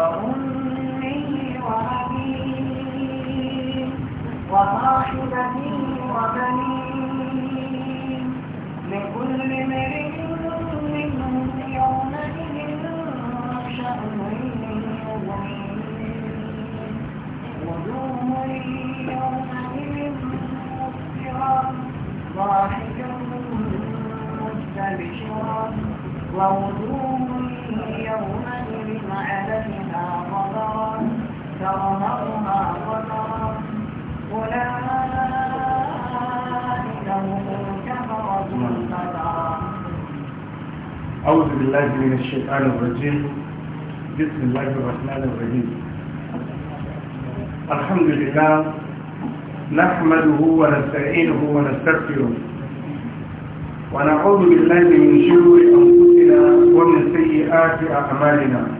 وأمي وأبي وصاحبتي وبني لكل امرئ منهم يومئذ شأن يغنيه وجوه يومئذ مسفرة ضاحكة مستبشرة ووجوه يرونها قدرا أولئك هم الكفرة الفجرة أعوذ بالله من الشيطان الرجيم بسم الله الرحمن الرحيم الحمد لله نحمده ونستعينه ونستغفره ونعوذ بالله من شرور أنفسنا ومن سيئات أعمالنا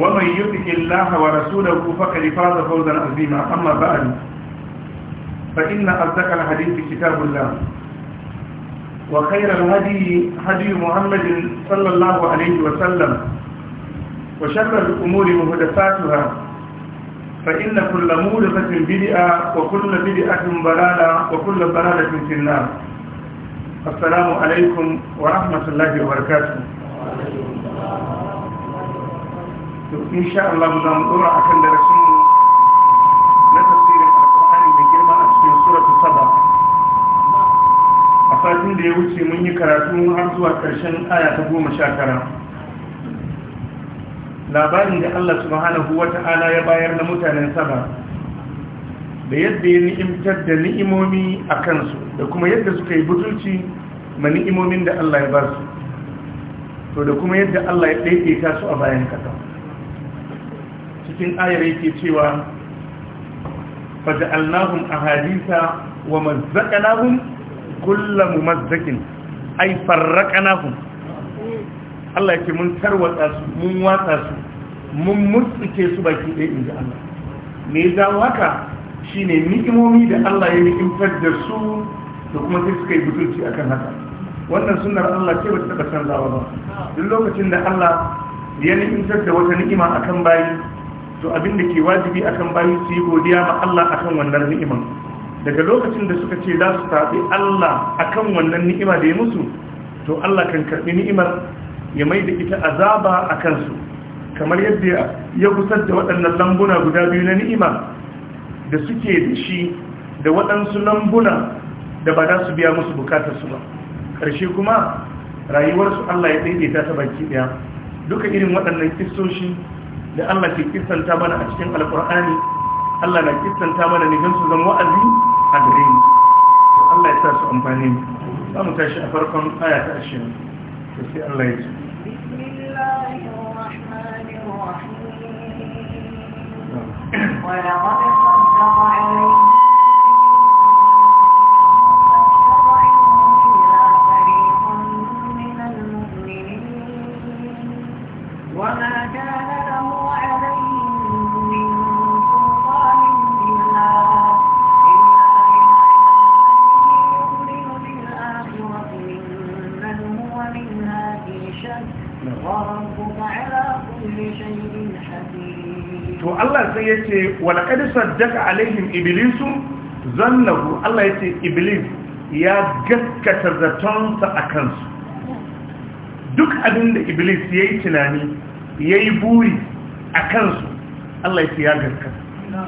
ومن يطع الله ورسوله فقد فاز فوزا عظيما اما بعد فان اصدق الحديث كتاب الله وخير الهدي هدي محمد صلى الله عليه وسلم وشر الامور محدثاتها فان كل محدثه بدعه وكل بدعه ضلاله وكل ضلاله في النار السلام عليكم ورحمه الله وبركاته to insha Allah za mu dora akan darasin na tafsirin alƙur'ani mai girma a cikin suratu saba a satin da ya wuce mun yi karatu har zuwa ƙarshen aya ta goma sha tara labarin da Allah subhanahu wata'ala ya bayar na mutanen saba da yadda ya ni'imtar da ni'imomi a kansu da kuma yadda suka yi butulci ma ni'imomin da Allah ya ba su to da kuma yadda Allah ya ɗaiɗaita su a bayan kasa cikin ayar yake cewa faja'alnahum ahadisa wa mazzaqnahum kullu mumazzaqin ay farraqnahum Allah yake mun tarwatsa su mun watsa su mun mutsuke su baki ɗaya inda Allah me ya zama haka shine ni'imomi da Allah ya ni'imtar da su da kuma sai suka yi butulci akan haka wannan sunnar Allah ce ba ta taɓa canzawa ba duk lokacin da Allah ya ni'imtar da wata ni'ima akan bayi to abin da ke wajibi akan bayi su yi godiya ma Allah akan wannan ni'ima daga lokacin da suka ce za su tafi Allah akan wannan ni'ima da ya musu to Allah kan karbi ni'imar ya mai da ita azaba a kansu kamar yadda ya gusar da waɗannan lambuna guda biyu na ni'ima da suke da shi da waɗansu lambuna da ba za su biya musu bukatarsu ba ƙarshe kuma rayuwarsu Allah ya daidaita ta baki ɗaya duka irin waɗannan kistoshi da Allah ke kisanta mana a cikin alkur'ani Allah na kissanta mana ne don su zama wa'azi a gare mu Allah ya sa su amfani mu za mu tashi a farkon aya ta ashirin to sai Allah ya ce ولقد صدق عليهم yace wal qad daga alaihim iblisu zannahu Allah ce iblis ya gaskata zatonsa akan su duk abin da iblis yayi tunani yayi buri akan su Allah ce ya gaskata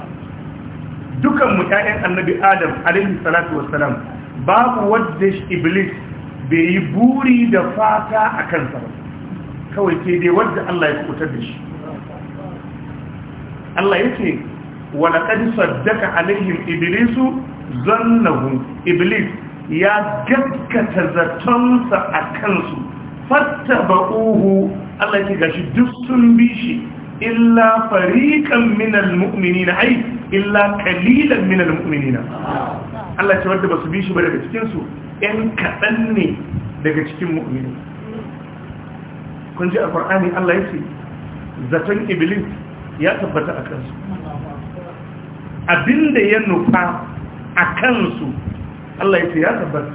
dukan ƴaƴan annabi Adam alaihi salatu wassalam babu wanda iblis bai yi buri da fata akan sa ba kawai ke dai wadda Allah ya kutar da shi Allah yake wala qad saddaka alaihim iblisu zannahu iblis ya gaskata sa a kansu ba'uhu. Allah yake gashi duk sun bi shi illa fariqan minal mu'minina ai illa kalilan minal mu'minina Allah ce wanda basu bi shi ba daga cikinsu ɗan kaɗan ne daga cikin mu'mini kun ji a ƙwar'ani Allah ya zaton iblis ya tabbata a kansu abinda ya nufa a kansu Allah ya ce ya tabbata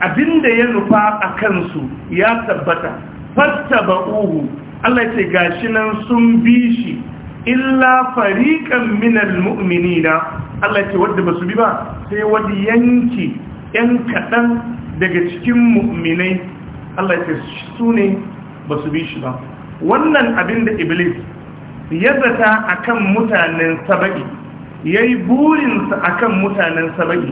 abinda ya nufa a kansu ya tabbata fatta ba'uhu Allah ya ce gashi nan sun bi shi illa fariƙan minal mu'minina Allah ya ce wadda ba su bi ba sai wadda yanki 'yan kaɗan daga cikin mu'minai Allah ya ce su ne ba su bi shi ba wannan abin da iblis ya zata a kan mutanen saba'i ya yi burinsa a kan mutanen saba'i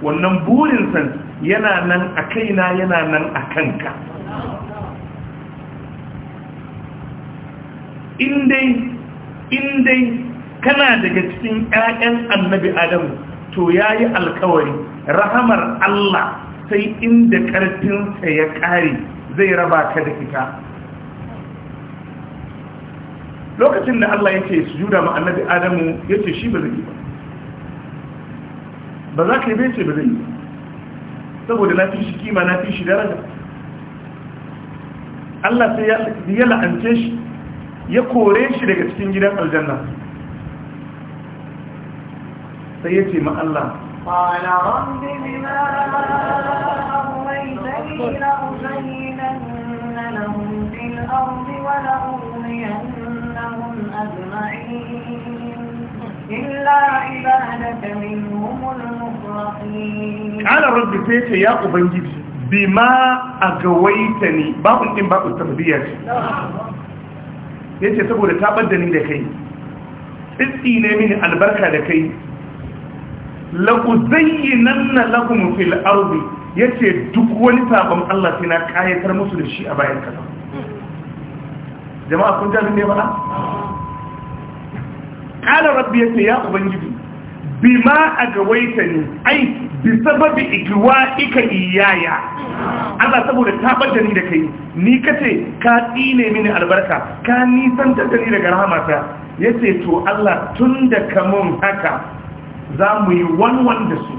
wannan burinsa yana nan a kaina yana nan a kanka indai indai kana daga cikin ƴaƴan annabi adamu to yayi alkawari rahamar Allah sai inda ƙarfinsa ya ƙare zai raba ka da ita lokacin da Allah yake sujuda ma annabi Adamu yace shi ba zai yi ba ba za ka yi bai ce ba zai yi saboda na fi shi kima na fi shi daraja Allah sai ya la'ance shi ya kore shi daga cikin gidan aljanna sai ya ce ma Allah قال رب بما أغويتني لأزينن لهم في الأرض ولأغوينهم دونهم أجمعين إلا عبادك منهم المخلصين قال رب سيتي يا أبنجي بما أغويتني باب الإن باب التربية yace saboda ta baddani da kai tsitsi ne mini albarka da kai la'uzayyinanna lahum fil ardi yace duk wani sabon Allah sai na kayatar musu da shi a bayan kasa jama'a kun tarin ne mana kala rabbi yace ya ubangiji bima agawaita ni ai bi sababi igwa ika iyaya Allah saboda tabar da ni da kai ni kace ka tsine mini albarka ka nisan ta ni daga rahamata yace to Allah tunda kamun haka za mu yi wanwan da su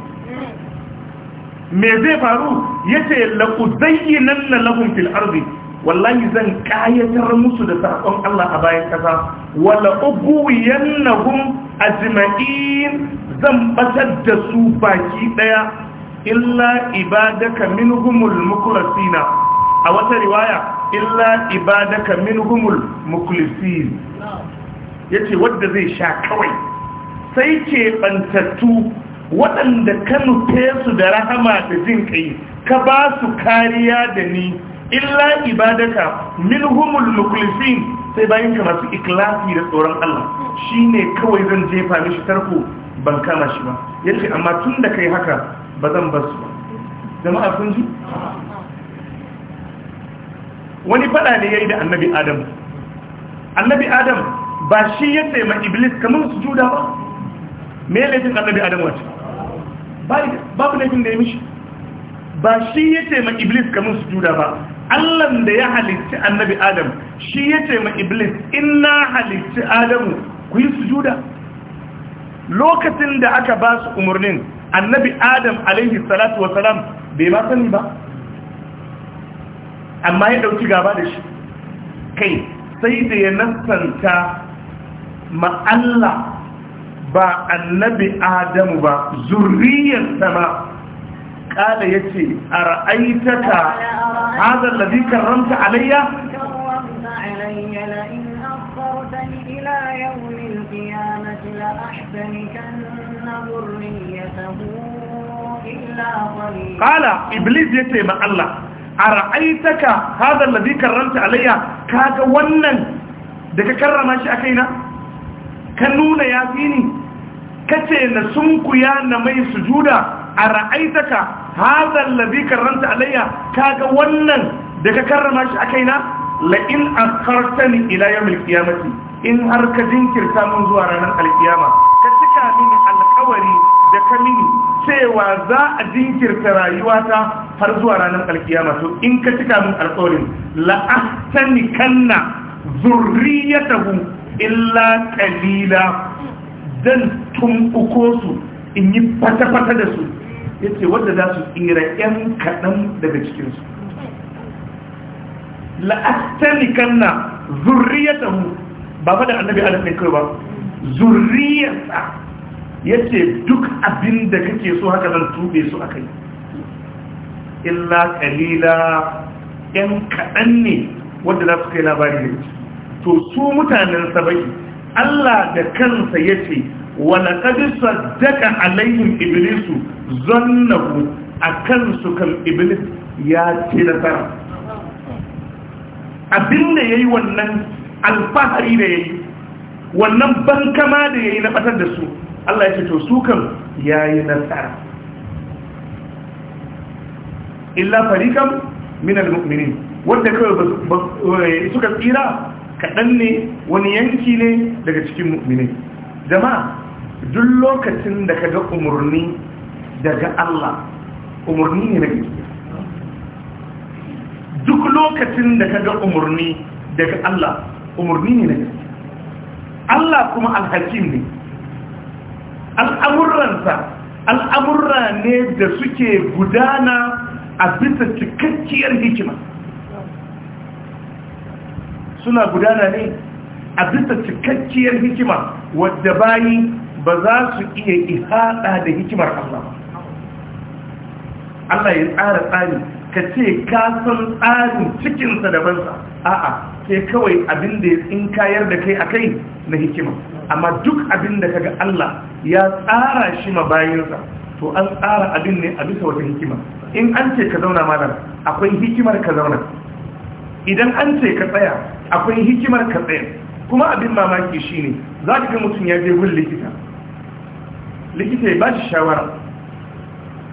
me zai faru yace laqu zayyinan lahum fil ardi wallahi zan kayatar musu da sakon Allah a bayan kasa wala ubwiyannahum ajma'in zan batar da su baki daya illa ibadaka minhumul mukhlasina a wata riwaya illa ibadaka minhumul mukhlisin yace wanda zai sha kawai sai ke bantattu waɗanda ka nufe su da rahama da jin kai ka ba su kariya da ni illa ibadaka milhumul mukhlisin sai bayan ka masu ikhlasi da tsoron Allah shine kawai zan jefa mishi tarko ban kama shi ba yace amma tun da kai haka ba zan bar su ba jama'a kun ji wani fada ne yayi da annabi adam annabi adam ba shi ya ma iblis kamar su juda ba me laifin annabi adam wace babu laifin da ya mishi ba shi ya ma iblis kamar juda ba Allah da ya halitti annabi Adam shi ya ce ma Iblis inna halitti Adamu ku yi sujuda lokacin da aka ba su umarnin annabi Adam alaihi salatu wasalam bai ba sani ba amma ya dauki gaba da shi kai sai da ya nasanta ma Allah ba annabi Adamu ba zuriyarsa ba kala yace ara'aitaka hadha alladhi ranta alayya kala iblis yace ma Allah ara'aitaka hadha alladhi karramta alayya kaga wannan da ka karrama shi a kaina? ka nuna yafi ni kace na sunkuya na mai sujuda a ra'aitaka Haɗa labi karanta alayya kaga wannan da ka karrama shi a kaina la'in a kartani ila yau in har ka jinkirta mun zuwa ranar alkiyama ka cika mini alkawari da ka mini cewa za a jinkirta rayuwata har zuwa ranar alkiyama to in ka cika min alkawarin la'ahtani kanna zurriyatahu illa kalila dan tumbuko su in yi fata-fata da su yace wanda za su tsira yan kaɗan daga cikinsu la'astalikan na mu. ba fada annabi adam ne kai ba zurriyarsa yace duk abin da kake so haka zan tube su kai. illa kalila yan kaɗan ne wanda za su kai labari da to su mutanen sabai Allah da kansa yace kadisa saddaka alaihim iblisu zannahu a su kan iblis ya ce abin abinda ya yi wannan alfahari da ya yi wannan bankama da ya yi na ɓatar da su Allah ya ce to su kan ya yi nasara illa farikan minal mu'minin wanda kawai suka tsira kaɗan ne wani yanki ne daga cikin mu'minin jama'a duk lokacin da ka ga umarni daga Allah umarni ne na gaskiya duk lokacin da ka ga umarni daga Allah umarni ne na gaskiya Allah kuma alhakim ne al'amuransa al'amurra ne da suke gudana a bisa cikakkiyar hikima suna gudana ne a bisa cikakkiyar hikima wadda bayi ba za su iya ihada da hikimar Allah Allah ya tsara tsari ka ce ka san tsarin cikinsa da bansa a'a sai kawai abin da ya tsinkayar da kai a kai na hikima amma duk abin da kaga Allah ya tsara shi ma bayansa to an tsara abin ne a bisa wata hikima in an ce ka zauna malam akwai hikimar ka zauna idan an ce ka tsaya akwai hikimar ka tsaya kuma abin mamaki shine za ka ga mutum ya je gun likita likita ya ba shi shawara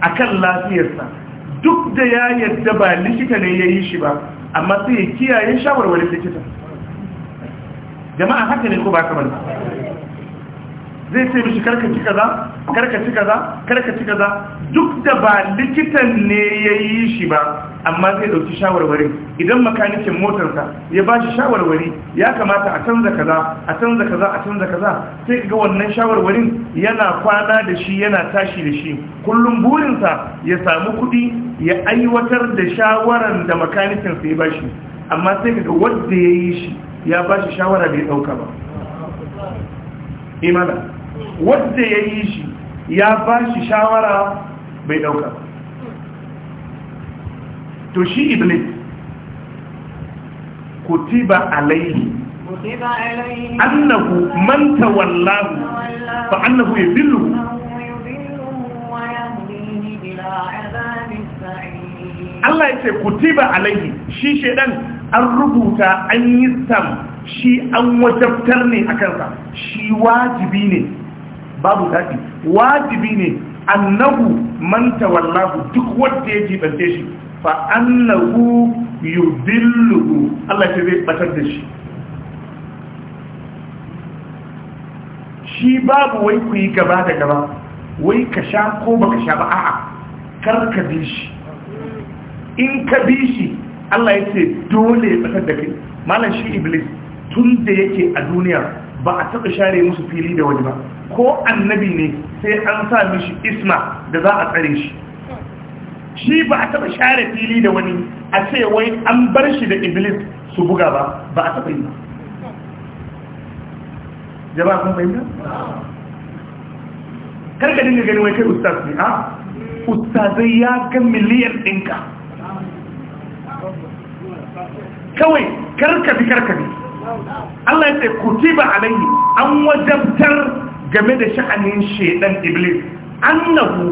a kan lafiyarsa duk da ya yadda ba likita ne ya yi shi ba amma sai ya kiyaye shawarwarin likita jama'a haka ne ko ba kamar zai ce mishi karka ci kaza karka ci kaza karka ci kaza duk da ba likitan ne ya yi shi ba amma zai dauki shawarwarin idan makanikin motarsa ya ba shi shawarwari ya kamata a canza kaza a canza kaza a canza kaza sai ga wannan shawarwarin yana kwana da shi yana tashi da shi kullum burinsa ya samu kuɗi ya aiwatar da shawaran da makanikinsa ya ba shi amma sai ga wanda ya yi shi ya ba shi shawara bai ɗauka ba imana Wadda ya yi shi ya ba shi shawara mai ɗauka to shi iblis kutiba alaihi annahu man tawallahu fa annahu yudillu Allah ya yace kutiba alaihi shi shedan an rubuta an yi sam shi an wajabtar ne akan sa shi wajibi ne babu daɗi. wajibi ne annahu man tawallahu duk wanda ya jibance shi fa annahu yudilluhu Allah ce zai batar da shi shi babu wai ku yi gaba da gaba wai ka sha ko ba ka sha ba a'a kar ka bi shi in ka bi shi Allah ya ce dole ya batar da kai malam shi iblis tun da yake a duniya ba a taɓa share musu fili da wani ba ko annabi ne sai an sa mishi isma da za a tsare shi shi ba a taɓa share fili da wani a ce wai an bar shi da iblis su buga ba ba a taɓa yi ba jama'a kun fahimta? karka dinga gani wai kai ustaz ne a ah? ustazai ya ga miliyan ɗinka kawai ka bi. Allah ya ce kutiba alayhi an wajabtar game da sha'anin shedan iblis annahu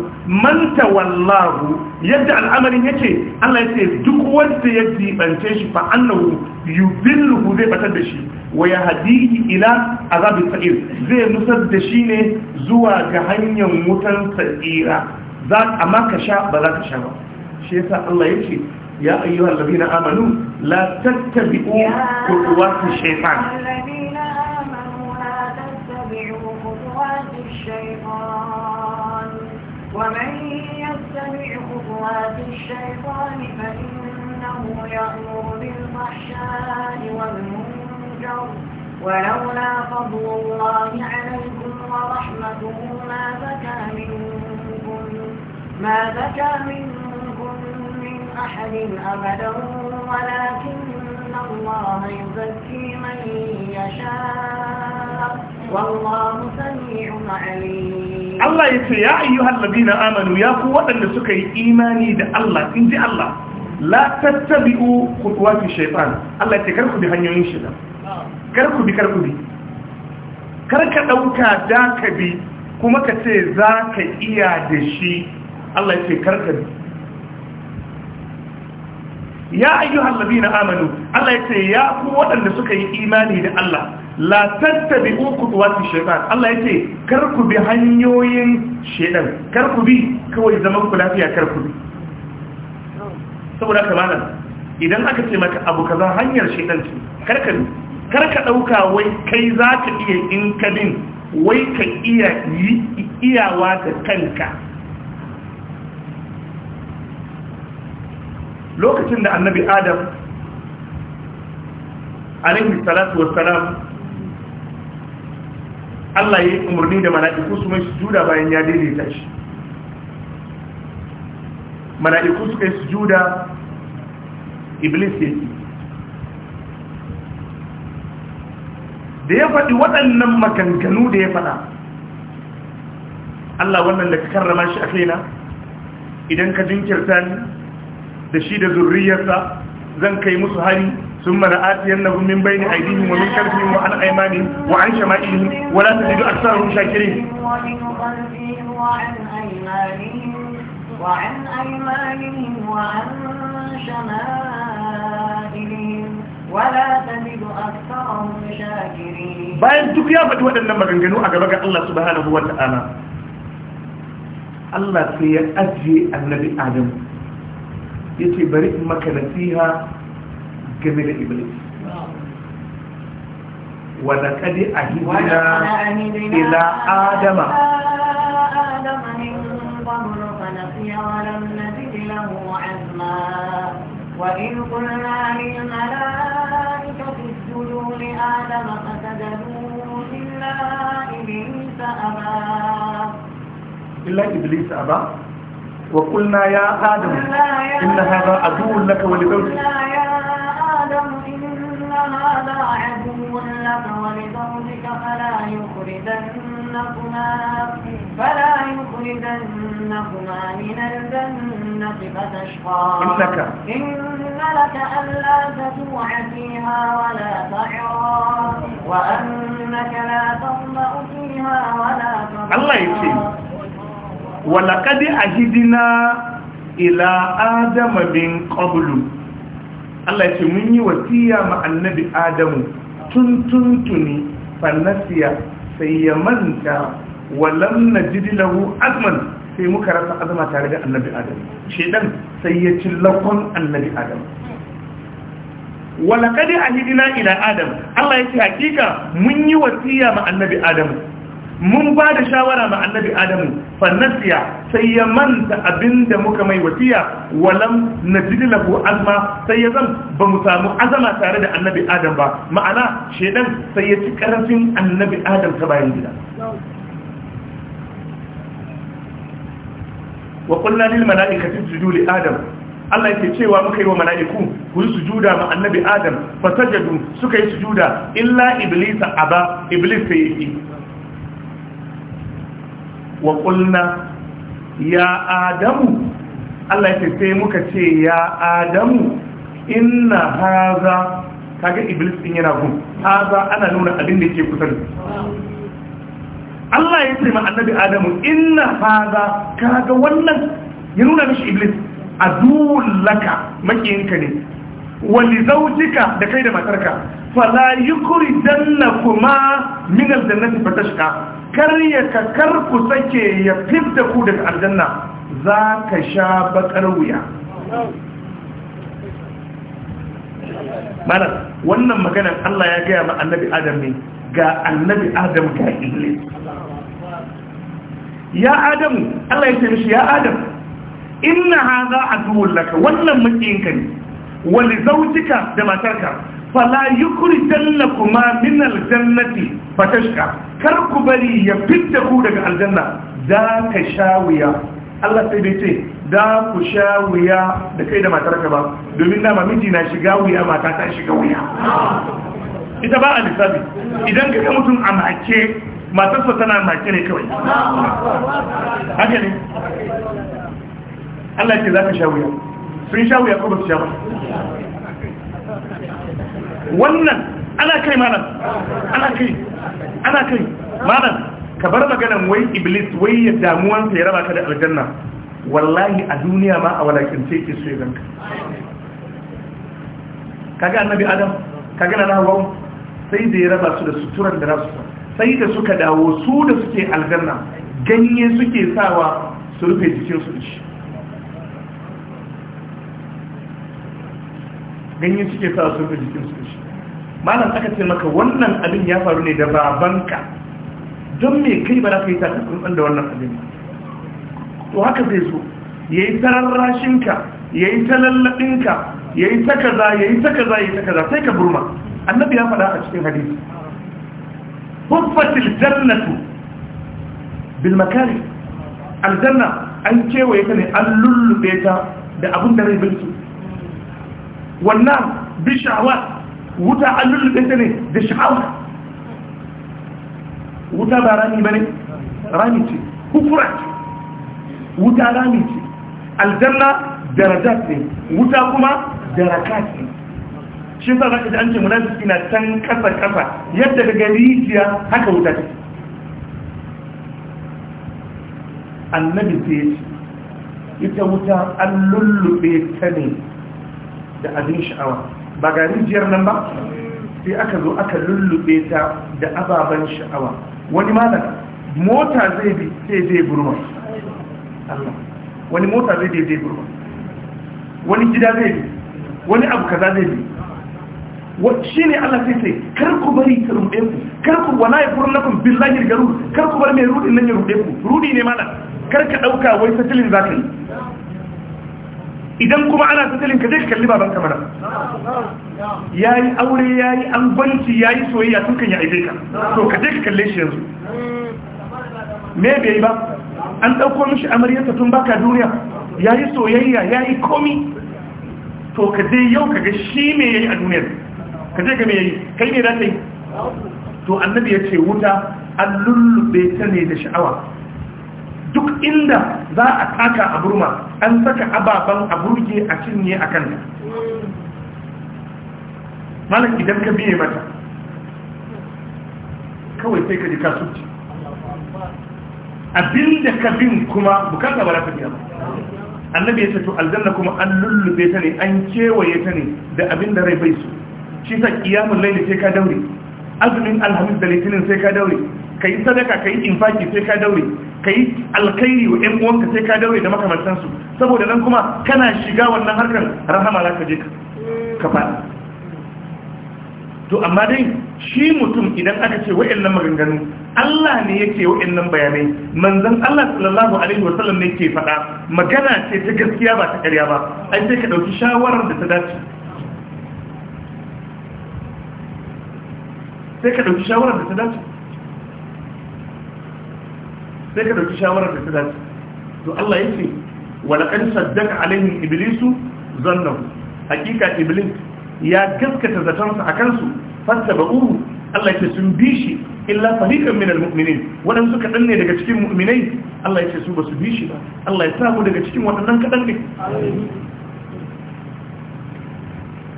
man tawallahu yadda al'amarin yake Allah ya ce duk wanda ya dibance shi fa annahu yubilhu zai batar da shi wa yahdihi ila azab sa'ir zai nusar da shi ne zuwa ga hanyar wutan sa'ira za amma ka sha ba za ka sha ba shi yasa Allah ya ce يا أيها الذين آمنوا لا تتبعوا خطوات الشيطان ومن يتبع خطوات الشيطان فإنه يأمر بالفحشاء والمنكر ولولا فضل الله عليكم ورحمته ما زكى منكم ما زكى منكم أحد أبدا ولكن الله يزكي من يشاء والله سميع عليم الله يقول يا أيها الذين آمنوا يا قوة أن سكي إيماني دا الله إن دي الله لا تتبعوا خطوات الشيطان الله يتكركوا بهنيوين الشيطان karku bi karku bi karka ɗauka da ka bi kuma ka ce za ka iya da shi Allah ya ce bi ya ayyuhal na amanu Allah ya yace ya ku waɗanda suka yi imani da Allah la tattabi'u khutuwati shaytan Allah yace kar ku bi hanyoyin shaytan kar bi kawai zaman ku lafiya kar bi saboda kamar idan aka ce maka abu kaza hanyar shaytan ce kar ka ɗauka wai kai zaka iya in kadin wai ka iya yi iyawa da kanka lokacin da annabi adam alaihi salatu wassalam Allah ya yi umarni da mala'iku su mai sujuda bayan ya daidaita shi mala'iku suka yi sujuda iblis ya yi da ya faɗi waɗannan maganganu da ya faɗa Allah wannan da ka karrama shi a kaina idan ka jinkirta ni da shi da zurriyarsa zan kai musu hari sun mana atiyan na min bai ni aidihim wa min karfihim wa an aimani wa an shama'ihim wa la tajidu aksarahum shakirin وعن أيمانهم وعن شمائلهم ولا تجد أكثرهم شاكرين باين تكيا فتوى أن مغنغنو أغبغ الله سبحانه وتعالى Allah sai ya ajiye annabi Adam yake bari maka nasiha game da iblis wanda kadi a hijira ila adama وإن قلنا للملائكة اسجدوا لآدم فسجدوا إلا إبليس أبا إلا إبليس أبا وقلنا يا آدم إن هذا عدو لك ولزوجك فلا يخرجنكما من الجنة فتشقى إن لك إن لك ألا تجوع فيها ولا تعرى وأنك لا تظمأ فيها ولا تظمأ الله يكفيك walakadi a hidina ila adama bin kobulu Allah ce mun yi wasiya ma annabi adamu tun tun tuni fannasiya sai ya manta walam na jidilahu azman sai muka rasa azama tare da annabi adamu shidan sai ya ci lakon annabi adamu walakadi a hidina ila adamu Allah ya ce hakika mun yi wasiya ma annabi adamu mun ba da shawara ma annabi adamu fannasiya sai ya manta abinda muka mai wasiya walam najid lahu azma sai ya zan ba mu samu azama tare da annabi adam ba ma'ana shedan sai ya ci karafin annabi adam ta bayan gida wa qulna lil mala'ikati sujudu li adam Allah yake cewa muka yi wa mala'iku ku yi sujuda ma annabi Adam fa sajadu suka yi sujuda illa iblis aba iblis sai yake wa qulna ya adamu Allah ya ce muka ce ya adamu inna haza kaga iblis din yana gun haza ana nuna abin da yake kusa da Allah ya ce ma annabi adamu inna haza kaga wannan ya nuna mishi iblis laka makiyinka ne Wani zaujika da kai da matarka fala yukridanna kuma min aljannati fatashka kar ya ka karku sake ya fidda ku daga aljanna za ka sha bakar wuya mana wannan maganar Allah ya gaya ma annabi Adam ne ga annabi Adam ga Iblis ya Adam Allah ya ce mishi ya Adam inna haza aduwwun laka wannan makiyinka ne wani li da matarka fala yukhrijanna kuma min aljannati ba ta fatashqa kar ku bari ya fitta ku daga aljanna za ka sha wuya Allah sai bai ce za ku sha wuya da kai da matarka ba domin dama miji na shiga wuya mata ta shiga wuya ita ba a lissafi idan ka ga mutum a make matarsa tana make ne kawai haka ne Allah ce za ka sha wuya sun sha wuya ko ba su sha ba wannan ana kai malam ana kai ana kai malam ka bar maganan wai iblis wai ya damuwansa ya raba ka da aljanna wallahi a duniya ma a ce ke so ya ganka kaga annabi adam kaga na hawa sai da ya raba su da suturan da rasu sai da suka dawo su da suke aljanna ganye suke sawa su rufe jikinsu da shi ganye suke sa su ga jikin su shi malam aka ce maka wannan abin ya faru ne da babanka don me kai ba za ka yi takasun da wannan abin to haka zai zo ya yi ka, ya yi ta lallaɓinka ya yi ta kaza ya yi ta kaza ya yi ta kaza sai ka burma annabi ya faɗa a cikin hadisi huffatil jannatu bil makari aljanna an kewaye ta ne an lullube ta da abin da rai bilsu wannan bi bishawa wuta an lullube ta ne da sha'awa wuta ba rami ba ne rami ce kufura ce wuta rami ce aljanna daraja ce. wuta kuma darakat ne shi sa za ka ji an ce munafiki na can kasa kasa yadda ga gari jiya haka wuta ce annabi ce ita wuta an lullube ta ne da abin sha'awa ba ga rijiyar nan ba sai aka zo aka lullube ta da ababen sha'awa wani malam mota zai bi sai zai burma wani mota zai bi zai burma wani gida zai bi wani abu kaza zai bi shi ne Allah sai sai karku bari ta ruɗe ku karku wana ya furin lafin billahi garu karku bari mai rudin nan ya ruɗe ku rudi ne mana karka dauka ɗauka wai satilin za ka yi idan kuma ana tattalin ka zai kalli baban mana, ya yi aure ya yi angwanci ya yi soyayya tun kan ya aibe ka to ka je ka kalle shi yanzu me bai yi ba an ɗauko mishi amaryarsa tun baka duniya ya yi soyayya ya yi komi to ka je yau ka ga shi me ya yi a duniyar ka je ga me ya yi kai ne za ta yi to annabi ya ce wuta an lullube ta ne da sha'awa duk inda za a taka a burma an saka ababen a burge a cinye a kanta malam idan ka biye mata kawai sai ka ji kasuci abinda ka bin kuma bukata ba za ta biya ba annabi ya ce to aljanna kuma an lullube ta ne an kewaye ta ne da abinda rai bai su shi sa kiyamun laili sai ka daure azumin alhamis da litinin sai ka daure ka yi sadaka ka yi infaki sai ka daure ka yi alkhairi wa ‘yan uwanka sai ka daure da makamantansu saboda nan kuma kana shiga wannan harkar rahama za ka je ka faɗi to amma dai shi mutum idan aka ce wa'annan maganganu Allah ne yake nan bayanai manzon Allah sallallahu alaihi wasallam ne ke faɗa magana ce ta gaskiya ba ta ƙarya ba ai sai ka ɗauki shawarar da ta dace sai ka ɗauki shawarar da ta dace sai ka dauki shawarar da ta dace to Allah ya ce walaƙan saddaka alaihim iblisu zannahu hakika iblis ya gaskata zatonsa a kansu fasta ba Allah ya ce sun bi shi illa fariqan minal mu'minin waɗansu kaɗan ne daga cikin mu'minai Allah ya ce su basu bi shi ba Allah ya samu daga cikin waɗannan kaɗan ne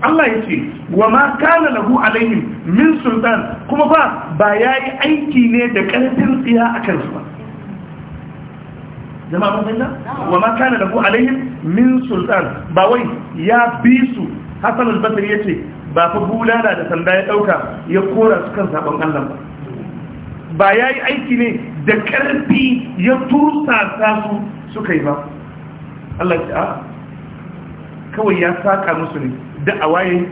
Allah ya ce wa ma kana lahu alaihim min sultan kuma ba ba yayi aiki ne da ƙarfin tsiya a kansu ba jama'a mun nan? wa ma kana ku alaihim min sultan ba wai ya bi su hasan al-basri yace ba fa bulala da sanda ya ɗauka ya kora su kan sabon Allah ba ba yayi aiki ne da karfi ya tursa su suka yi ba Allah ya kawai ya saka musu ne da awaye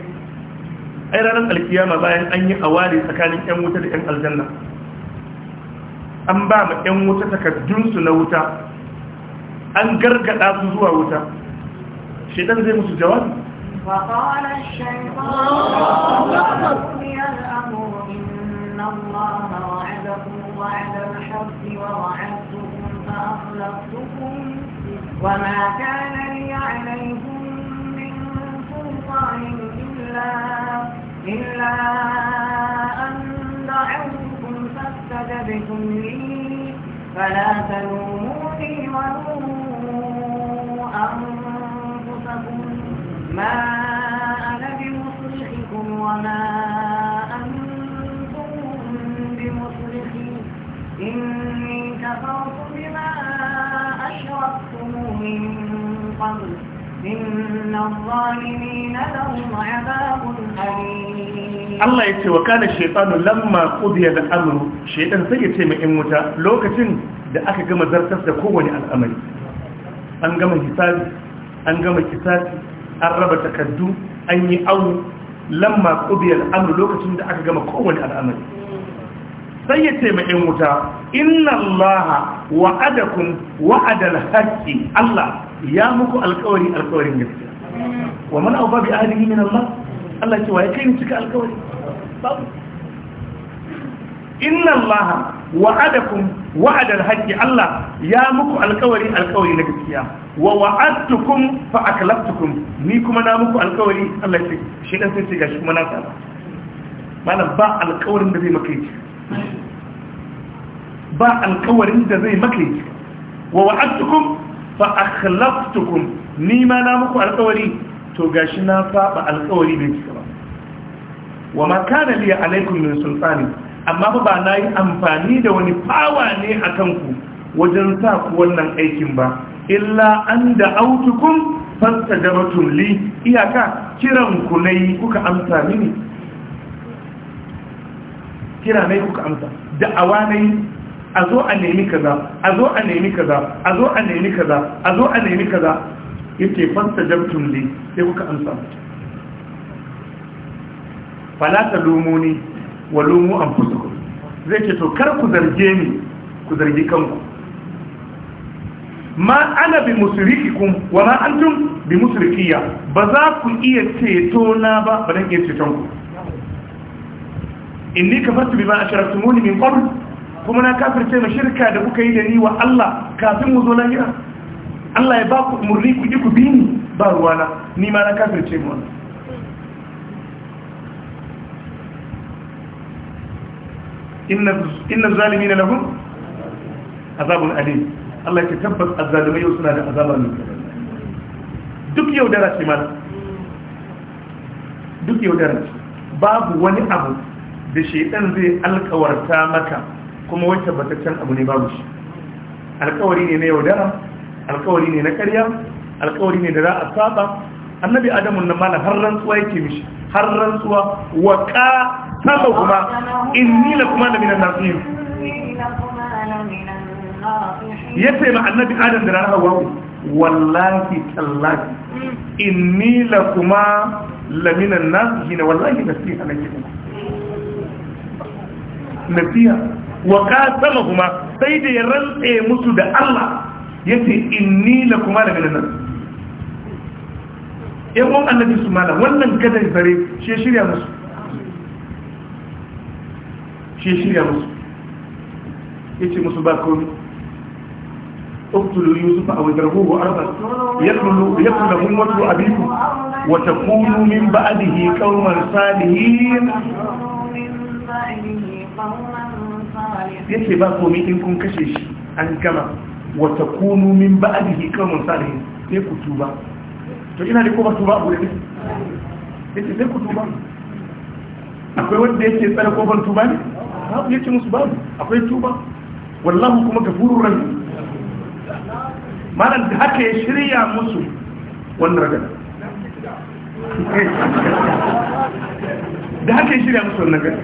ai ranar alkiyama bayan an yi awali tsakanin yan wuta da yan aljanna an ba ma yan wuta takardunsu na wuta an gargada su zuwa wuta shaitan zai musu jawabi وقال الشيطان الأمر إن الله وعدكم وعد الحق ووعدتكم وما كان لي عليكم من سلطان إلا, إلا أن دعوتكم فاستجبتم لي فلا تلوموني ولوموا أنفسكم ما أنا بمصرحكم وما أنتم بمصرحي إني كفرت بما أشركتموه من قبل إن الظالمين لهم عذاب أليم Allah ya ce wa kana shaitanu lamma qudiya da amru shaitan sai ya ce wuta lokacin da aka gama zartar da kowane al'amari an gama hisabi an gama kisasi an raba takaddu an yi awu lamma qudiyal amru lokacin da aka gama kowane al'amari sai ya ce mai wuta inna allaha wa'adakun, wa'adal haqqi allah ya muku alƙawari alƙawarin gaskiya wa man awfa bi ahdihi min allah allah ce wa ya kai ni cika alƙawari babu inna allaha wa'adakum wa'adal haƙƙi Allah ya muku alkawari alkawari na gaskiya wa wa'adtukum fa aklaftukum ni kuma na muku alkawari Allah ya shi ɗan sai gashi kuma na saba malam ba alkawarin da zai maka yi ba alkawarin da zai maka yi wa wa'adtukum fa akhlaftukum ni ma na muku alkawari to ga shi na faɓa alkawari bai cika ba wa ma kana li alaikum min sultani amma ba na yi amfani da wani fawa ne a kanku wajen sa ku wannan aikin ba illa an da autukun fasta da li iyaka kiran ku ne kuka amsa mini kira ne kuka amsa da ne a zo a nemi kaza a zo a nemi kaza a zo a nemi kaza a zo a nemi kaza yake fasta da li sai kuka amsa Falata ta lumuni walumu anfusukum zai ce to kar ku zarge ni ku zargi kanku ma ana bi musrikikum wa ma antum bi musrikiya ba za ku iya ceto na ba ba dan iya ceton ku inni kafartu bima asharaktumuni min kwaru, kuma na kafirce ma shirka da kuka yi da ni wa Allah kafin mu zo na lahira Allah ya ba ku umurni ku ji ku bi ni ba ruwana ni ma na kafirce mu wannan inna zalimi na lahun azabun alim Allah ya tabbas azalimai yau suna da azaba mai duk yau dara ce mana duk yau dara ce babu wani abu da shaidan zai alkawarta maka kuma wata bataccen abu ne babu shi alkawari ne na yaudara alkawari ne na karya alkawari ne da za a saba annabi adamun nan mana har rantsuwa yake mishi har rantsuwa wa kuma إني لكما لمن الناصحين yace ma annabi adam da ranar hawa wallahi tallahi inni lakuma laminan nasihin wallahi nasiha nake muku nasiha wa kuma sai da ya rantse musu da Allah yace inni lakuma minan nasihin yan uwan annabi su mala wannan kadan sare shi shirya musu shi shirya musu ya ce musu ba komi اقتلوا يوسف او اضربوه ارضا يقتل لكم وتر ابيكم وتكونوا من بعده قوما صالحين yace ba komi in kun kashe shi an gama wata kunu min ba'adihi kawai salihin sai ku tuba to ina da kuma tuba abu da ne yace sai ku tuba akwai wanda yake tsara kofar tuba ne babu yake musu babu akwai tuba wallahu kuma gafurur rahim malam da haka ya shirya musu wannan ragar. da haka ya shirya musu wannan ragar.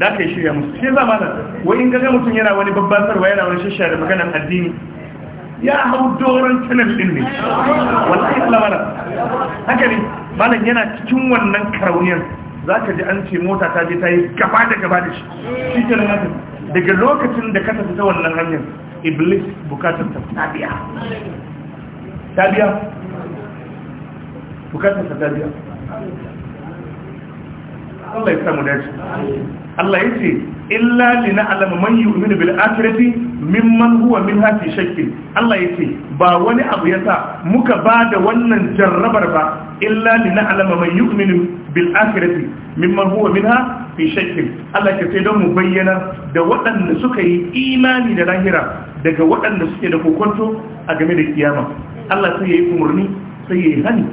da haka ya shirya musu shi zama da wani in mutum yana wani babban sarwa yana wani shashya da maganan addini ya hau doron channel din ne wallahi Allah malam haka ne malam yana cikin wannan karauniyar za ka ji an ce mota ta je ta yi gaba da gaba da shi shi ke nan daga lokacin da ka ta wannan hanyar iblis bukatar ta tabiya tabiya bukatar ta tabiya Allah ya samu daji. Allah ya ce illa li na'lamu man yu'minu bil akhirati mimman huwa min fi shakkin Allah ya ce ba wani abu yasa muka bada wannan jarrabar ba illa li na'lamu man yu'minu bil'akirati akhirati mimman huwa minha fi shakkin Allah ke sai don mu bayyana da waɗanda suka yi imani da lahira daga waɗanda suke da kokonto a game da kiyama Allah sai yi umarni sai yi hani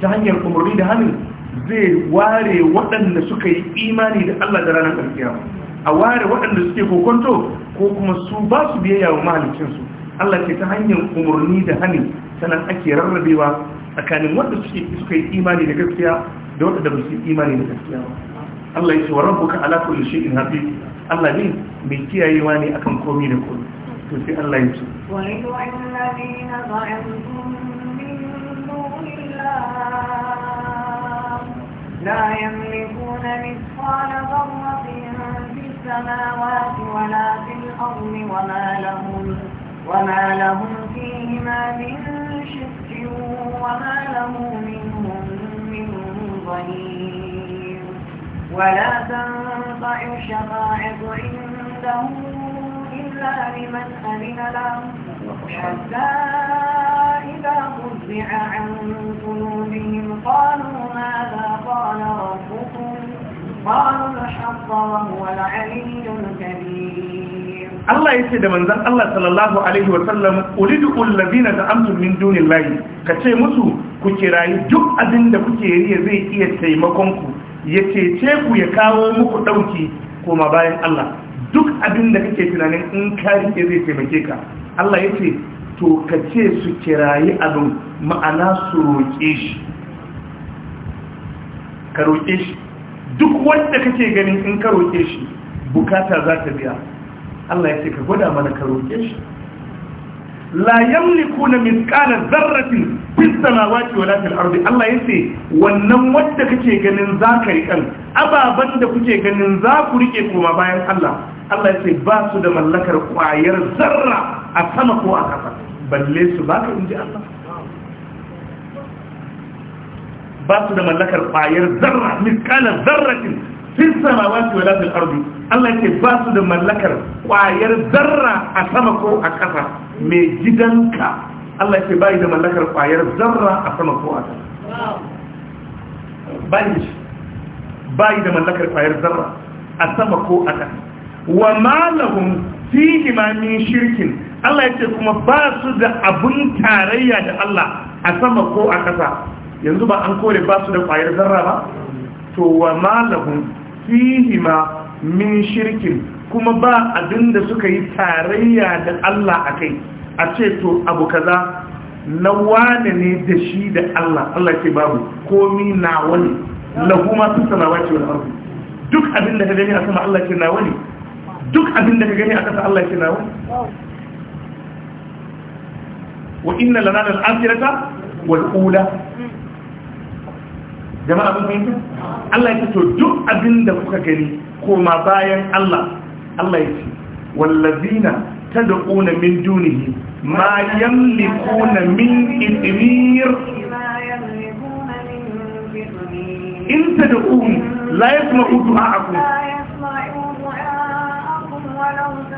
ta hanyar umarni da hani zai ware waɗanda suka yi imani da Allah da ranar kiyama a ware waɗanda suke kokonto ko kuma su ba su biyayya wa mahalicinsu Allah ke ta hanyar umarni da hani sannan ake rarrabewa tsakanin wanda suka yi imani da gaskiya da wanda ba su yi imani da gaskiya Allah ya ce wa rabbuka ala kulli shay'in hafiz Allah ne mai kiyayewa ne akan komai da komai to sai Allah ya ce wa idu alladhina za'amtum min dunillah لا يملكون مثقال ذرة في السماوات ولا في الأرض وما لهم وما لهم فيهما من شفت وما له منهم من ظهير ولا تنفع الشفاعة عنده إلا لمن أَمِنَ له حتى إذا فزع عن قلوبهم قالوا ماذا قال ربكم قالوا الحق وهو العلي الكبير Allah ya ce da manzan Allah sallallahu alaihi wa sallam ulidu da ta'amtum min layi, ka ce musu ku kirayi duk abin da kuke yi zai iya taimakon ku ya cece ku ya kawo muku ɗauki, koma bayan Allah duk abin da kake tunanin in ka rike zai taimake ka Allah ya ce to ka ce su kirayi abin ma'ana su roƙe shi ka roƙe shi duk wanda kake ganin in ka roƙe shi bukata za ta biya Allah ya ce ka gwada mana ka roƙe shi la yamliku na misqala zarratin fis samawati wala fil ardi Allah ya ce wannan wanda kake ganin za zaka rikan ababan da kuke ganin za ku rike kuma bayan Allah Allah ya ce ba su da mallakar kwayar zarra a sama ko a ƙasa balle su ba baka inji Allah ba su da mallakar kwayar zarra misqala zarratin fil samawati wala fil ardi Allah yake ba su da mallakar kwayar zarra a sama ko a ƙasa mai gidanka Allah yake bai da mallakar kwayar zarra a sama ko a ƙasa Ba shi bai da mallakar kwayar zarra a sama ko a ƙasa wa ma lahum fihi shirkin Allah yake kuma ba su da abun tarayya da Allah a sama ko a ƙasa yanzu ba an kore ba su da kwayar zarra ba to wa ma fihima min shirkin kuma ba abinda suka yi tarayya da Allah a kai a ce to abu kaza na wane ne da shi da Allah Allah ce babu komi na wani Lahuma ma sanawa samawati wal ardi duk abinda ka gani a sama Allah ce na wani duk abinda ka gani a kasa Allah ce na wani wa inna lana al-akhirata wal ula jama'a mun fahimta Allah ya to duk abin da kuka gani koma bayan Allah Allah ya ce wallazina tad'una min dunihi ma yamlikuna min idmir in tad'un la yasma'u du'a'akum la yasma'u du'a'akum wa law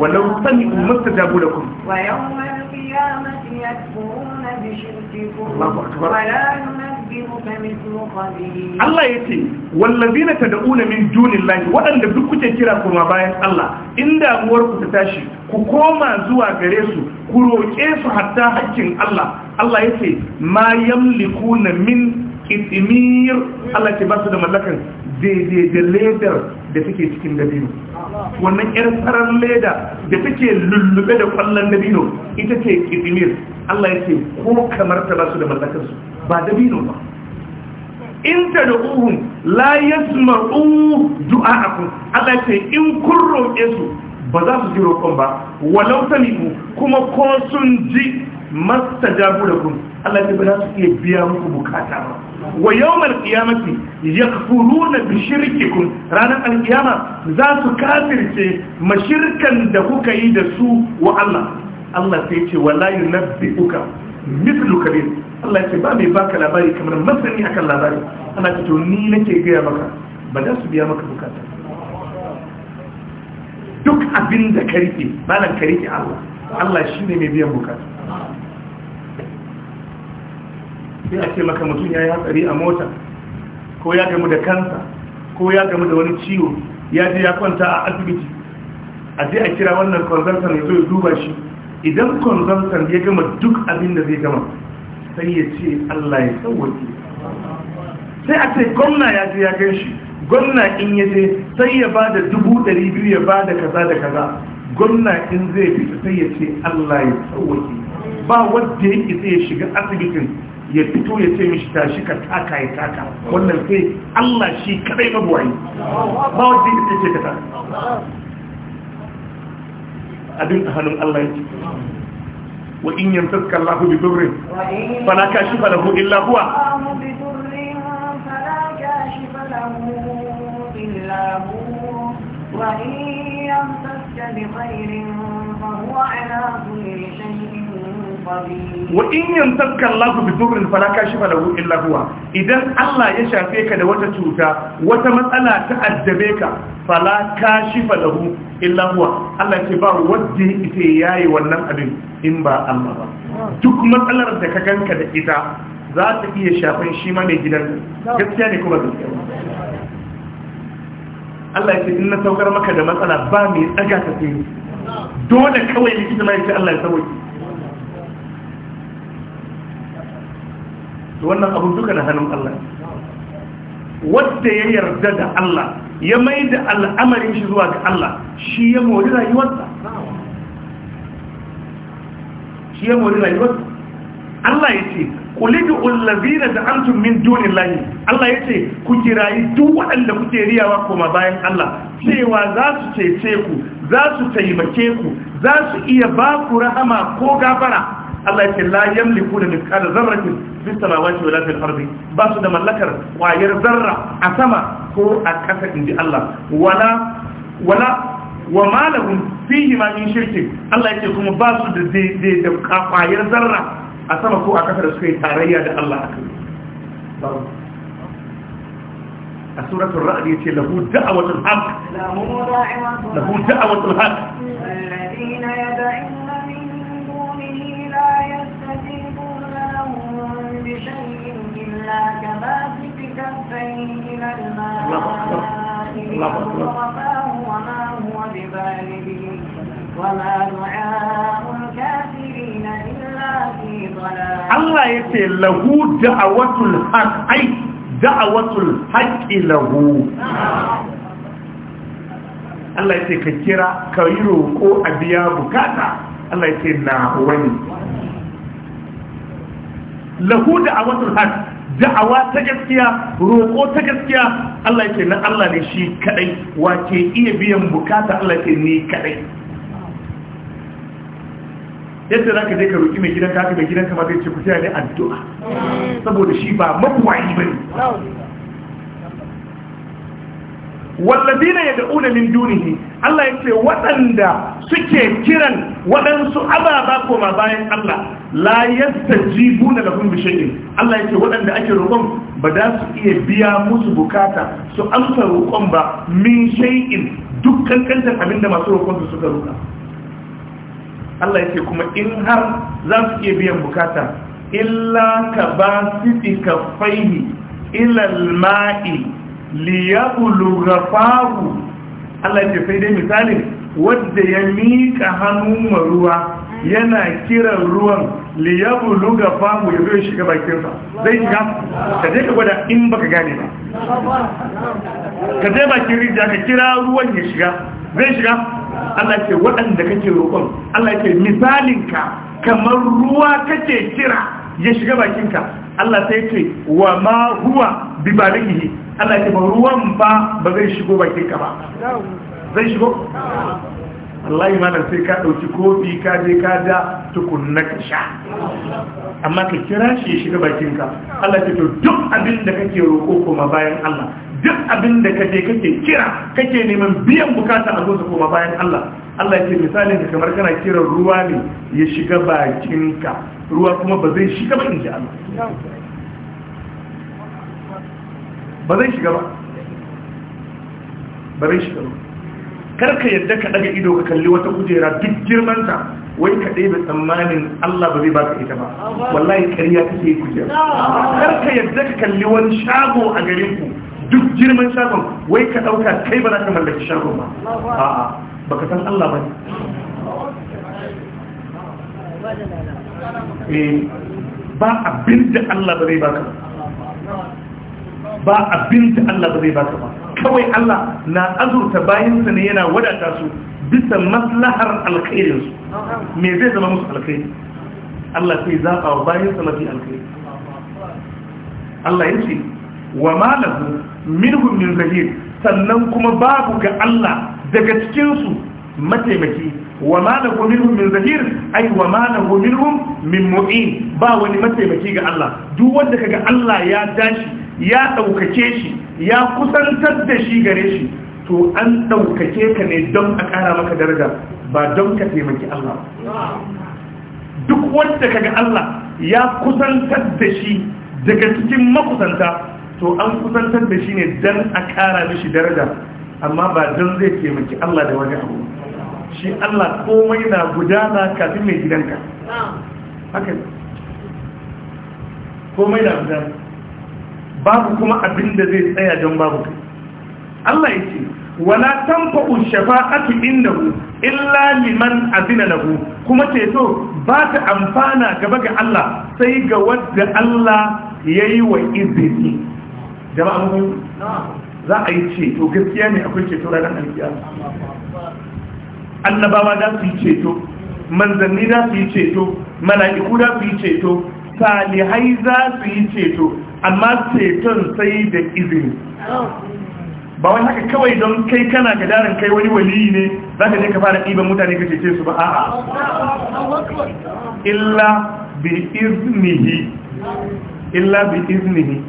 ولو سمعوا ما استجابوا لكم ويوم القيامة يكفرون بشرككم ولا ينبئك مثل خبير الله يتي والذين تدعون من دون الله وأن دبك تكيرا كما باين الله إن دعوارك تتاشي كوما زوا غريسو كروكيسو حتى حكين الله الله يتي ما يملكون من kitmir Allah ke ba su da mallakan daidai da ledar da take cikin dabino wannan yar sarar leda da take lullube da kwallon dabino ita ce kitmir Allah ya ce ko kamar ta ba su da mallakan su ba dabino ba in ta da uhun la yasma'u Allah ya ce in kun roƙe su ba za su ji roƙon ba walau sami'u kuma ko sun ji masta mastajabu kun Allah ya ba su iya biya muku bukata ba wa yawmal qiyamati yakfuruna bi shirkikum ranar alkiyama za su kafirce mashirkan da kuka yi da su wa Allah Allah sai ce wala yunabbi'uka mithlu kabir Allah ya ce ba mai baka labari kamar masani akan labari ana ce to ni nake gaya maka ba za su biya maka bukata duk abin da ka rike malam ka rike Allah shi ne mai biyan bukata sai a ce maka mutum ya yi hatsari a mota ko ya gamu da kansa ko ya gamu da wani ciwo ya je ya kwanta a asibiti a je a kira wannan consultant ya zo ya duba shi idan consultant ya gama duk abin da zai gama sai ya ce Allah ya sauwaki sai a ce gwamna ya je ya gan shi gwamna in ya je sai ya ba da dubu ɗari biyu ya ba da kaza da kaza gwamna in zai fita sai ya ce Allah ya sauwaki ba wadda ya ke sai ya shiga asibitin ya fito ya ce mishi tashi ka taka ya taka wannan sai Allah shi kadai mabuwayi ba wanda ya ce ka taka abin a hannun Allah ya ce wa in yamsaka Allah bi durrin fala kashifa lahu illa huwa وإن يمسك بخير فهو على كل شيء wa in yamsaka Allahu bi dhurrin fala kashifa lahu illa huwa idan Allah ya shafe ka da wata cuta wata matsala ta addabe ka fala kashifa lahu illa huwa Allah ce ba wanda ita yayi wannan abin in ba Allah ba duk matsalar da ka ganka da ita za ta iya shafin shi ma mai gidan gaskiya ne kuma gaskiya Allah ya ce in na saukar maka da matsala ba mai tsaga ta sai dole kawai likita mai ce Allah ya sauke to wannan abu duka da hannun Allah wanda ya yarda da Allah ya mai da al'amarin shi zuwa ga Allah shi ya mori rayuwarsa shi ya mori rayuwarsa Allah ya ce kulidu ulazina da antum min duni lahi Allah ya ce ku kirayi duk waɗanda kuke riyawa kuma bayan Allah cewa za su cece ku za su taimake ku za su iya ba ku rahama ko gafara Allah ya ce la yamliku da mithqala dharratin fi samawati wala fil ardi ba su da mallakar kwayar zarra a sama ko a ƙasa inji Allah wala wala wa malahum fihi ma min shirki Allah yake kuma ba su da daidai da kwayar zarra a sama ko a ƙasa da suka tarayya da Allah akan babu سورة الرعد يتي له دعوة الحق له دعوة الحق الذين يدعون إلا كباسط كفيه إلى الماء ليبلغ وما هو ببالغه وما دعاء الكافرين إلا في ضلال الله يتي له دعوة الحق أي دعوة الحق له Allah ya ce ka kira ka yi roƙo a biya bukata Allah ya ce na wani lahu da a wasu hajji da'awa ta gaskiya roƙo ta gaskiya Allah yake na Allah ne shi kadai wace iya biyan bukata Allah yake ni kadai yadda za ka je ka roƙi mai gidanka haka mai gidanka ma zai ce ku sai ne addu'a saboda shi ba ba bane wallazina yad'una min dunihi Allah yace waɗanda suke kiran waɗansu ababa koma bayan Allah la yastajibuna lahum bi shay'in Allah yace waɗanda ake roƙon ba za su iya biya musu bukata su amsa roƙon ba min shay'in dukkan kantar abinda masu roƙon su suka roƙa Allah yace kuma in har za su iya biyan bukata illa ka ba siti ka faihi ila al-ma'i liyabulu rafahu Allah ce sai dai misali wadda ya mika hannu ma ruwa yana kiran ruwan liyabulu rafahu ya zai shiga bakinsa zai shiga ka je ka gwada in baka gane ba ka je bakin rijiya ka kira ruwan ya shiga zai shiga Allah ce waɗanda kake roƙon Allah ce misalinka kamar ruwa kake kira ya shiga bakinka Allah sai ce wa ma huwa bi barihi Allah ce ba ruwan ba ba zai shigo bakin ka ba zai shigo Allah yi mana sai ka dauki kofi ka je ka da tukunna ka sha amma ka kira shi ya shiga bakin ka Allah ce to duk abin da kake roko kuma bayan Allah duk abin da kaje kake kira kake neman biyan bukata a zo su bayan Allah Allah ya ce misalin kamar kana kiran ruwa ne ya shiga bakin ka ruwa kuma ba zai shiga ba in ji Allah ba zai shiga ba ba zai shiga ba karka yadda ka daga ido ka kalli wata kujera duk girmanta wai ka ɗaya tsammanin Allah ba zai baka ita ba wallahi ƙarya kake yi kujera karka yadda ka kalli wani shago a garin ku duk girman shagon wai ka ɗauka kai ba za ka mallaki shagon ba a'a ka san Allah ba ne Eh, ba abin da Allah ba zai baka ba abin da Allah ba zai baka ba kawai Allah na azurta bayansa ne yana wadata su bisa maslahar alkhairinsu me zai zama musu alkhairi Allah sai zaɓa wa bayansa mafi alkhairi Allah ya ce wa malahu minhum min zahir sannan kuma babu ga Allah daga cikinsu mataimaki wa له منهم من min zahir وما wa منهم من معين min mu'in ba wani mataimaki ga Allah duk wanda kaga Allah ya dashi ya daukake shi ya kusantar da shi gare shi to an daukake ka ne don a kara maka daraja ba don ka taimaki Allah duk wanda kaga Allah ya kusantar da shi daga cikin makusanta to an kusantar da shi ne don a kara mishi daraja amma ba don zai taimaki Allah da wani abu shi Allah komai na gudana kafin mai gidanka haka komai na gudana babu kuma abin da zai tsaya don babu kai Allah ya ce wala tanfa'u shafa'atu in illa liman azina ku kuma ceto ba ta amfana gaba ga Allah sai ga wadda Allah yi wa izini jama'a mun za a yi ceto gaskiya ne akwai ceto ranar alkiyama annabawa za su yi ceto manzanni za su yi ceto mala'iku za su yi ceto salihai za su yi ceto amma ceton sai da izini ba wani haka kawai don kai kana ga kai wani waliyi ne za ka ka fara ɗiban mutane ka cece su ba a'a illa bi iznihi illa bi iznihi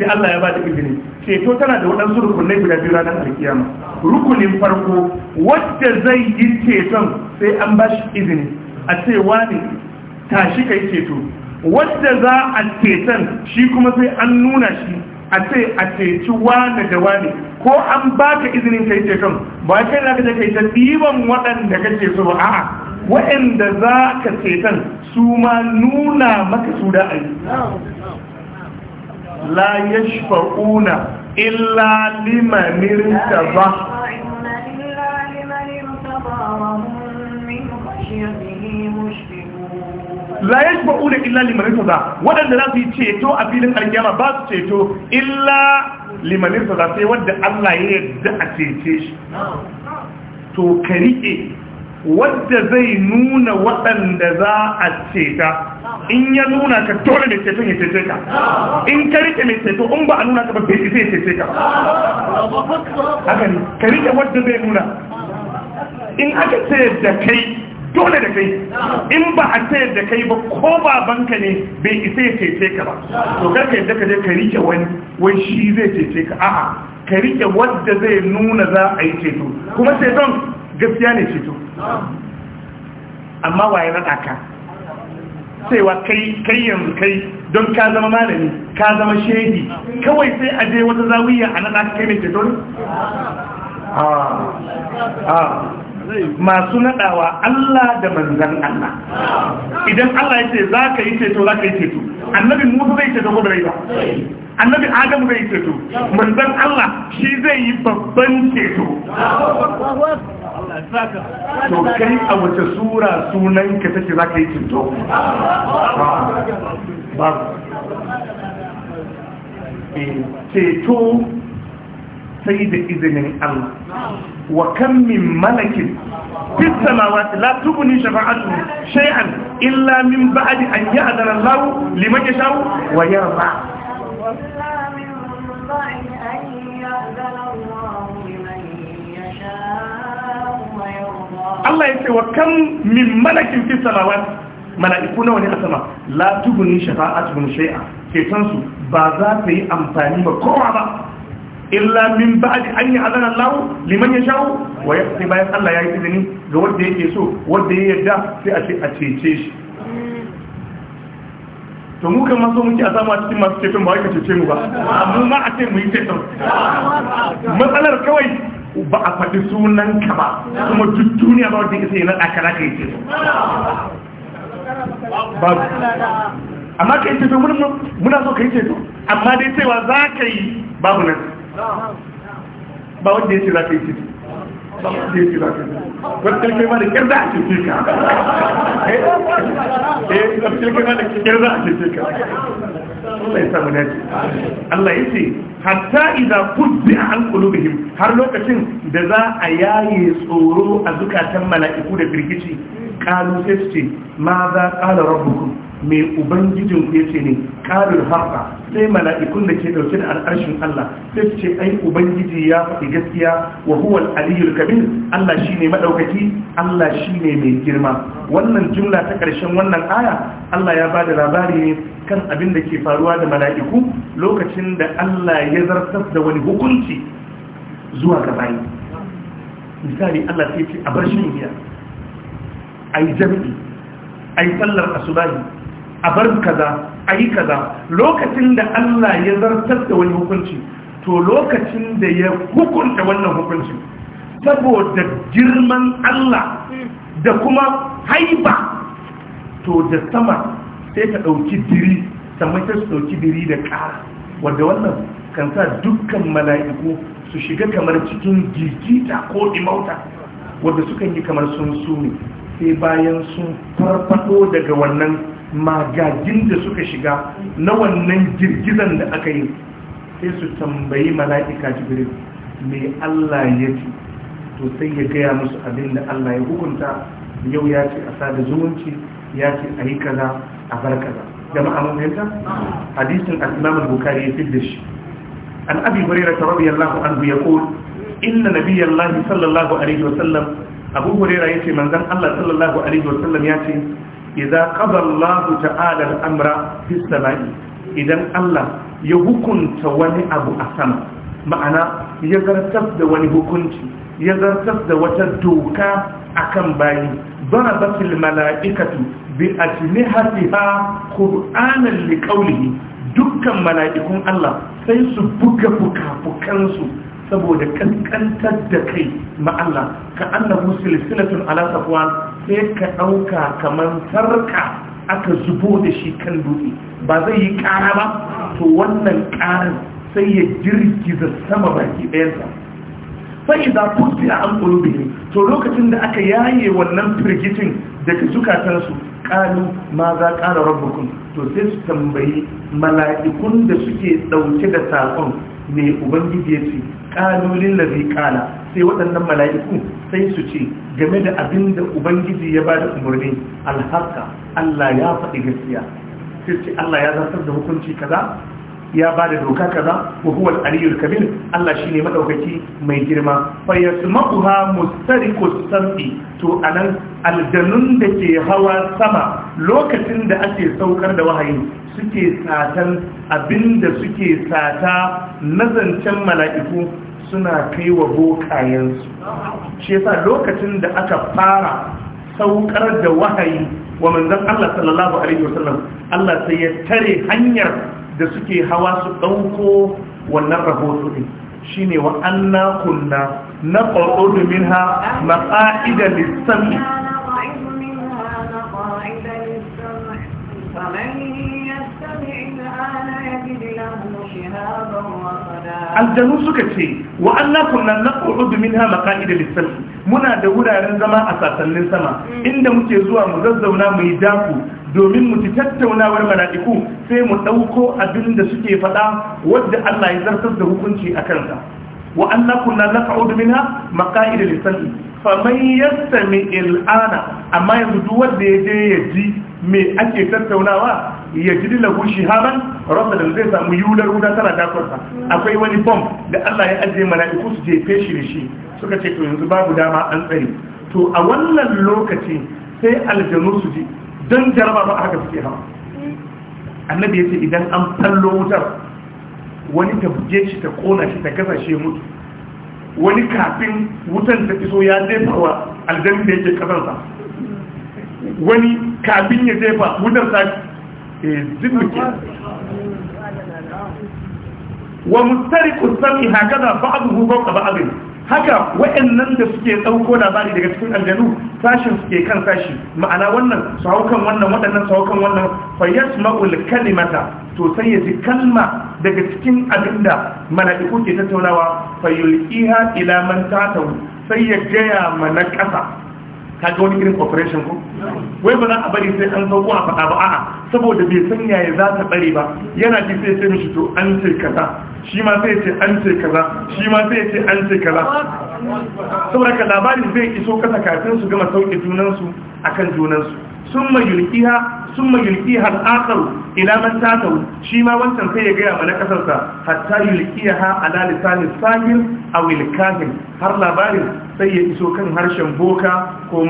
sai Allah ya ba da izini ceto tana da waɗansu rukunai guda biyu ranar alkiyama rukunin farko wadda zai yi ceton sai an ba shi izini a ce wani tashi kai ceto wadda za a ceton shi kuma sai an nuna shi a ce a ceci wani da wani, ko an baka izinin kai ceton ba kai za ka je kai ta ɗiban waɗanda kake so ba a'a waɗanda za ka ceton su ma nuna maka su da ayi la yashfa'una illa liman irtaba la yashfa'una illa liman irtaba wadanda za su yi ceto a filin alkiyama ba su ceto illa liman irtaba sai wadda Allah ya yarda a cece shi to ka rike wadda zai nuna waɗanda za a ceta in ya nuna ka tole mai ceton ya cece ka in ka rike mai ceto in ba a nuna ka ba bai zai cece ka haka ne ka rike wadda zai nuna in aka ce da kai dole da kai in ba a ce da kai ba ko babanka ne bai isa ya cece ka ba to karka yadda ka je ka rike wani wai shi zai cece ka a'a ka rike wadda zai nuna za a yi ceto kuma ceton gaskiya ne ceto amma waye na ka cewa kai kai yanzu kai don ka zama malami ka zama shehi kawai sai a je wata zawiya a naɗa kai mai ceto ne ah, ah. masu naɗawa Allah da manzan Allah idan Allah ya ce za ka yi ceto za ka yi ceto annabi musu zai ceto ko da rai ba annabi adamu zai ceto manzan Allah shi zai yi babban ceto to kai a wace sura sunanka ka take za ka yi cinto ba eh, ceto sai da izinin allah wa kan min malakin fisamawati latubuni shafa'atu shay'an illa min ba'di an ya'dara allah liman yasha wa yarda wallahi min ba'di Allah ya ce wa kan min malakin fi samawati mala'iku nawa ne a sama la tuguni min shay'a san su ba za ta yi amfani ba kowa ba illa min ba'di an ya'zana Allah liman yasha'u wa yaqti bayan Allah ya yi izini ga wanda yake so wanda ya yarda sai a ce a cece shi to mu kan maso muke a samu a cikin masu ceton ba wai ka cece mu ba amma ma a ce mu yi ceton matsalar kawai ba a faɗi sunan ka ba kuma duk duniya ba wanda isa yanar ɗakara ka yi ce babu amma ka yi ce ceto muna so ka yi ce ceto amma dai cewa za ka yi babu nan ba wanda ya ce za ka yi ceto ba wanda ya ce za ka yi ceto wanda kai ma da kyar za a cece ka eh kai eh, ma da kyar za a cece ka Allah ya samu dace Allah ya ce hatta idza fuzzi an qulubihim har lokacin da za a yaye tsoro a zukatan mala'iku da firgici kalu sai su ce ma za qala rabbukum me ubangijin ku yace ne qalul haqa sai mala'ikun da ke dauke da al'arshin Allah sai su ce ai ubangiji ya faɗi gaskiya wa huwa al-aliyyul kabir Allah shine madaukaki Allah shi ne mai girma wannan jumla ta ƙarshen wannan aya Allah ya ba da labari ne kan abin da ke faruwa da mala'iku lokacin da Allah ya zartar da wani hukunci zuwa ga misali Allah sai ce a bar shan giya a yi jami'i a yi tsallar asubahi a bar kaza a yi kaza lokacin da Allah ya zartar da wani hukunci to lokacin da ya hukunta wannan hukuncin saboda girman Allah da kuma haiba to da sama sai ta ɗauki diri sama ta su ɗauki diri da ƙara wadda wannan kan sa dukkan mala'iku su shiga kamar cikin girgita ko imauta wadda suka yi kamar sun suni sai bayan sun farfado daga wannan magagin da suka shiga na wannan girgizan da aka yi sai su tambayi mala'ika jibril mai Allah ya ce to sai ya gaya musu abin da Allah ya hukunta yau ya ce a sada zumunci ya ce a yi kaza a bar kaza jama'a mun fahimta hadisin al-Imam al-Bukhari ya fidda shi an Abi Hurairah radiyallahu anhu yaqul inna nabiyallahi sallallahu alaihi wa sallam Abu Hurairah yace manzon Allah sallallahu alaihi wa sallam yace idza qada Allah ta'ala al-amra fis sama'i idan Allah ya hukunta wani abu a sama ma'ana ya zartar da wani hukunci ya zartar da wata doka a kan bayi ضربت الملائكة بأجنحتها قرآنا dukkan mala'ikun Allah sai su buga fuka بكانسو saboda kankantar da kai ma Allah ka annabu silsilatun ala safwan sai ka ɗauka kamar sarka aka zubo da shi kan dutse ba zai yi ƙara ba to wannan karin sai ya girgiza sama baki ɗayansa sai da ku siya an ƙulubihim to lokacin da aka yaye wannan firgitin daga zukatansu ƙalu ma za ƙara rabbukun to sai su tambayi mala'ikun da suke ɗauke da saƙon mai ubangiji ya ce ƙalu zai ƙala sai waɗannan mala'ikun sai su ce game da abin da ubangiji ya ba da umarni alhaka allah ya faɗi gaskiya sai ce allah ya zartar da hukunci kaza ya ba da doka kaza wa huwa al-aliyyul kabir Allah shine madaukaki mai girma fa yasma'uha mustariqu sam'i to anan aljannun da ke hawa sama lokacin da ake saukar da wahayi suke satan abinda suke sata nazancen mala'iku suna kai wa bokayensu shi yasa lokacin da aka fara saukar da wahayi wa manzon Allah sallallahu alaihi wasallam Allah sai ya tare hanyar da suke hawa su ɗauko wannan rahoto ɗin shi ne wa an na kunna na ƙwarɗo domin ha maƙa'ida lissami aljanu suka ce wa an na kunna na ƙwarɗo domin ha maƙa'ida lissami muna da wuraren zama a sassanin sama inda muke zuwa mu zazzauna mu yi daku domin mu ci tattaunawar mala'iku sai mu ɗauko abin da suke faɗa wadda Allah ya zartar da hukunci a kansa wa Allah kunna naq'udu minha maqa'ida lisan fa man yastami al'ana amma yanzu duk wanda ya je ya ji me ake tattaunawa ya ji gushi shihaban da zai samu yular wuta tana dakonsa akwai wani bomb da Allah ya ajiye mala'iku su je feshi da shi suka ce to yanzu babu dama an tsare to a wannan lokaci sai aljanu su ji don jaraba ba haka suke hawa annabi ya ce idan an fallo wutar wani ta buge shi ta kona shi ta gasa shi mutu wani kafin wutan ta iso ya jefa wa aljanin da yake kasarsa wani kafin ya jefa wutar ta zibuke eh, wa mustari kusan ihakada ba'adu hukon a ba'adun haka wa'yannan da suke ɗauko labari daga cikin aljanu sashin suke kan sashi ma'ana wannan su wannan waɗannan su wannan fayyas ma'ul kalimata to sai ya ji kalma daga cikin abinda mala'iku ke tattaunawa fayyulkiha ila man tatahu sai ya gaya mana ƙasa ka ga wani irin operation ko wai ba za a bari sai an sauko a faɗa ba a'a saboda bai san yaya za ta bare ba yana ji sai sai mishi to an ce kaza shi ma sai ce an ce kaza shi ma sai ce an ce kaza saboda ka labarin zai iso kasa kafin su gama sauke junansu akan junansu Sun yulqiha summa yulqiha al-akhar ila man shi ma wancan sai ya gaya mana kasarsa hatta yulkiha ala lisan sahir aw al-kafir har labarin sai ya iso kan harshen boka ko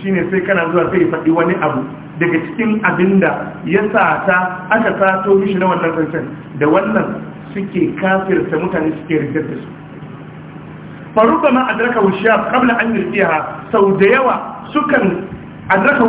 shi ne sai kana zuwa sai ya faɗi wani abu daga cikin abinda ya sata aka sato mishi na wannan zancen da wannan suke kafirta mutane suke rigar da su faruba ma adraka wushiyar kabla an yirkiya sau da yawa sukan adraka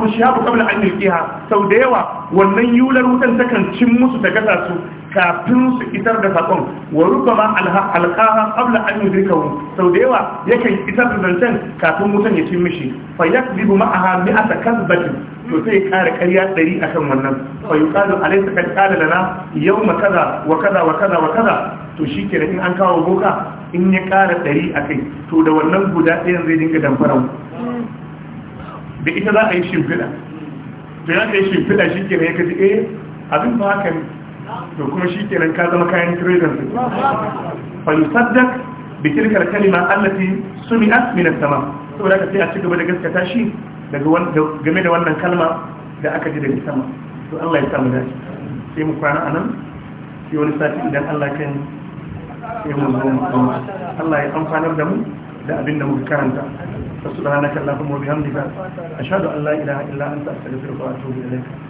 kabla an yirkiya sau da yawa wannan yular wutan takan cin musu ta gasa su kafin su isar da sakon wa rubama alƙaha qabla an yudrikahu sau da yawa ya kan isar da zancen kafin mutum ya cin mishi fa zibu ma'aha mi'ata batin to sai kare karya ɗari akan wannan fa yuqalu kare da na yau ma kaza wa kaza wa kaza wa kaza to ke in an kawo boka in ya kara ɗari akai to da wannan guda ɗayan zai dinga damfarau da ita za a yi shimfiɗa to ya ka yi shimfiɗa shikenan ya kaji eh abin ba haka ne to kuma shi nan ka zama kayan tiredan su bi bitilkar kalima allati sumi'a min as-sama saboda ka sai a ci gaba da gaskata shi daga game da wannan kalma da aka ji daga sama to Allah ya samu dace sai mu kwana anan sai wani sati idan Allah kan sai mu zo Allah ya amfanar da mu da abin da muka karanta subhanaka allahumma wa bihamdika ashhadu an la ilaha illa anta astaghfiruka wa atubu ilaik